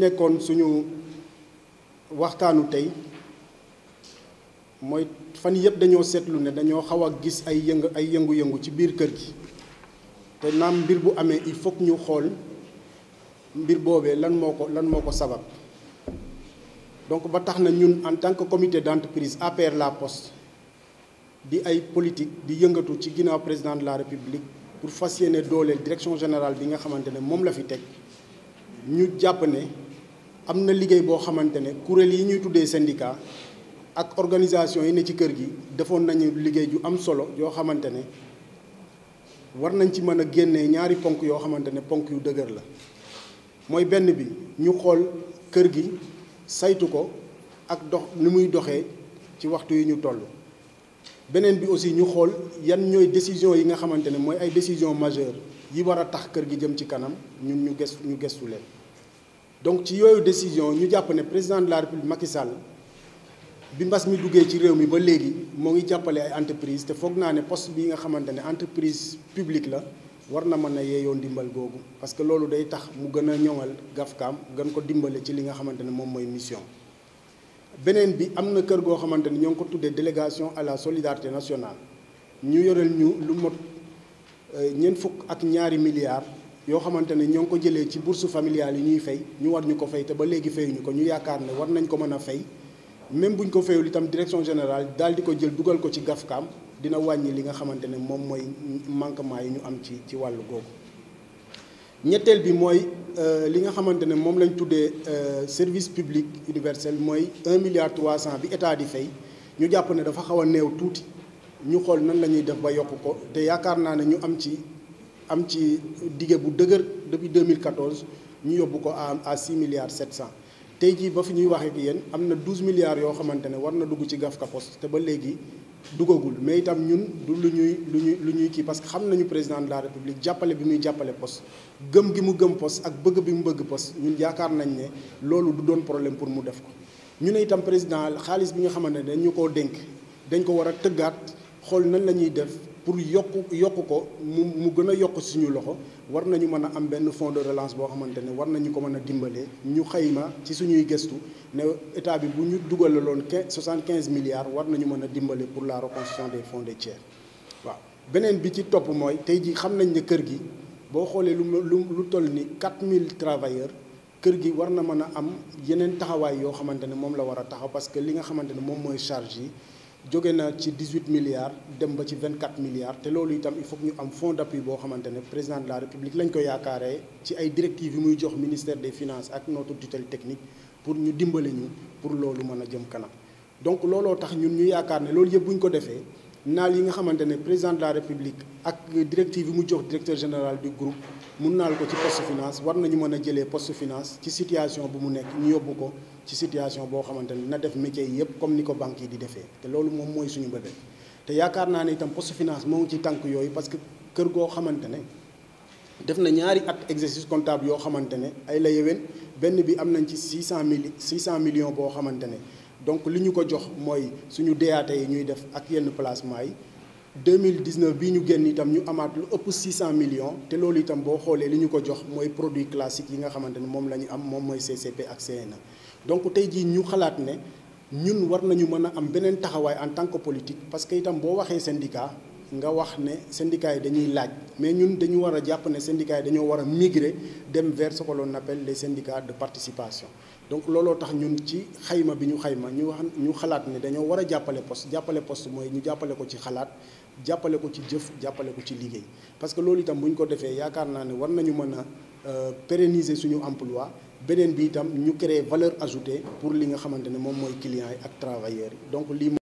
nekkoon suñu waxtaanu tey mooy fan yëpp dañoo seetlu ne dañoo xaw a gis ay yëngu ay yëngu-yëngu ci biir kër gi te naam mbir bu amee il faut ñu xool mbir boobee lan moo ko lan moo ko sabab donc ba tax na ñun en tant que comité d'entreprise APR La Poste di ay politique di yëngatu ci ginnaaw président de la république pour fas yéene dooleel direction général bi nga xamante ne moom la fi teg ñu jàpp ne. am na liggéey boo xamante ne kuréel yi ñuy tuddee syndicat ak organisation yi ne ci kër gi defoon nañu liggéey ju am solo yoo xamante ne war nañ ci mën a génnee ñaari ponk yoo xamante ne ponk yu dëgër la mooy benn bi ñu xool kër gi saytu ko ak dox ni muy doxee ci waxtu yi ñu toll beneen bi aussi ñu xool yan ñooy décision yi nga xamante ne mooy ay décision majeure yi war a tax kër gi jëm ci kanam ñun ñu gëstu ñu gëstu leen donc ci yooyu décision ñu jàpp ne président de la république Macky Sall bi mbas mi duggee ci réew mi ba léegi moo ngi jàppale ay entreprise te foog naa ne post bi nga xamante ne entreprise publique la war na mën na yeeyoo ndimbal googu parce que loolu day tax mu gën a ñoŋal gafkaam gën ko dimbale ci li nga xamante ne moom mooy mission beneen bi am na kër goo xamante ne ñoo ngi ko tuddee délégation à la solidarité nationale ñu yoreel ñu lu mot euh, ñeent fukk ak ñaari milliards yoo xamante ne ñoo ngi ko jëlee ci bourse familiale yi ñuy fay ñu war ñu ko fay te ba léegi ñu ko ñu yaakaar ne war nañ ko mën a fay même buñ ko fayul itam direction général daal di ko jël dugal ko ci gafkaam dina wàññi li nga xamante ne moom mooy manquement yi ñu am ci ci wàllu googu ñetteel bi mooy euh, li nga xamante ne moom lañ tuddee euh, service public universel mooy un milliard trois cent bi état di fay ñu jàpp ne dafa xaw a néew tuuti ñu xool nan la ñuy def ba yokk ko te yaakaar naa ne ñu am ci am ci dige bu dëgër mille 2014 ñu yóbbu ko à à 6 milliards 700 tey jii ba fi ñuy waxee ak yéen am na 12 milliards yoo xamante ne war na dugg ci Gafka Post te ba léegi dugagul mais itam ñun du lu ñuy lu ñuy lu ñuy kii parce que xam nañu président de la république jàppale bi muy jàppale poste gëm gi mu gëm poste ak bëgg bi mu bëgg poste ñun yaakaar nañ ne loolu du doon problème pour mu def ko. ñu ne itam président xaalis bi nga xamante ne dañ ñu koo dénk dañ ko war a tëggaat xool nan la ñuy def. pour yokk yokk ko mu mu gën a yokk suñu loxo war nañu mën a am benn fonds de relance boo xamante ne war nañu ko mën a dimbale ñu xayma ci suñuy gëstu ne état bi bu ñu dugalaloon quinze soixante quinze milliards war nañu mën a dimbale pour la reconstruction des fonds de tiers waaw beneen bi ci topp mooy tey jii xam nañ ne kër gi boo xoolee lu lu lu toll ni quatre mille travailleurs kër gi war na mën a am yeneen taxawaay yoo xamante ne moom la war a taxaw parce que li nga xamante ne moom mooy charge yi jóge na ci dix huit milliards dem ba ci vingt quatre milliards te loolu itam il faut ñu am fonds d' boo xamante ne président de la république lañ ko yaakaaree ci ay directives yu muy jox ministère des finances ak notre tutelle technique pour ñu dimbali ñu pour loolu mën a jëm kanam donc looloo tax ñun ñu yaakaar ne loolu yëpp bu ñu ko defee. naal yi nga xamante ne président de la république ak directive yi mu jox directeur général du groupe mun naal ko ci poste finance war nañu mën a jëlee poste finance ci situation bu mu nekk ñu yóbbu ko ci situation boo xamante ne na def métier yi yëpp comme ni ko banque yi di defee te loolu moom mooy suñu bëbëb te yaakaar naa ne itam poste finance moo ngi ci tànk yooyu parce que kër goo xamante ne def na ñaari at exercice comptable yoo xamante ne ay la yewén benn bi am nañ ci six cent mille six cent millions boo xamante ne donc li ñu ko jox mooy suñu DAT yi ñuy def ak yenn placement yi 2019 bii ñu génn itam ñu amaat lu ëpp 600 millions te loolu itam boo xoolee li ñu ko jox mooy produit classique yi nga xamante ne moom lañu am moom mooy CCP ak CNA donc tey jii ñu xalaat ne ñun war nañu mën a am beneen taxawaay en tant que politique parce que itam boo waxee syndicat nga wax ne syndicats yi dañuy laaj mais ñun dañu war a jàpp ne syndicats yi dañoo war a migrer dem vers ce que l'on appelle les de participation donc looloo tax ñun ci xayma bi ñu xayma ñu wax ñu xalaat ne dañoo war a jàppale poste jàppale post mooy ñu jàppale ko ci xalaat jàppale ko ci jëf jàppale ko ci liggéey parce que loolu itam bu ñu ko defee yaakaar naa ne war nañu mën a euh, pérenniser suñu emploi beneen bi itam ñu créer valeur ajoutée pour li nga xamante ne moom mooy clients yi ak yi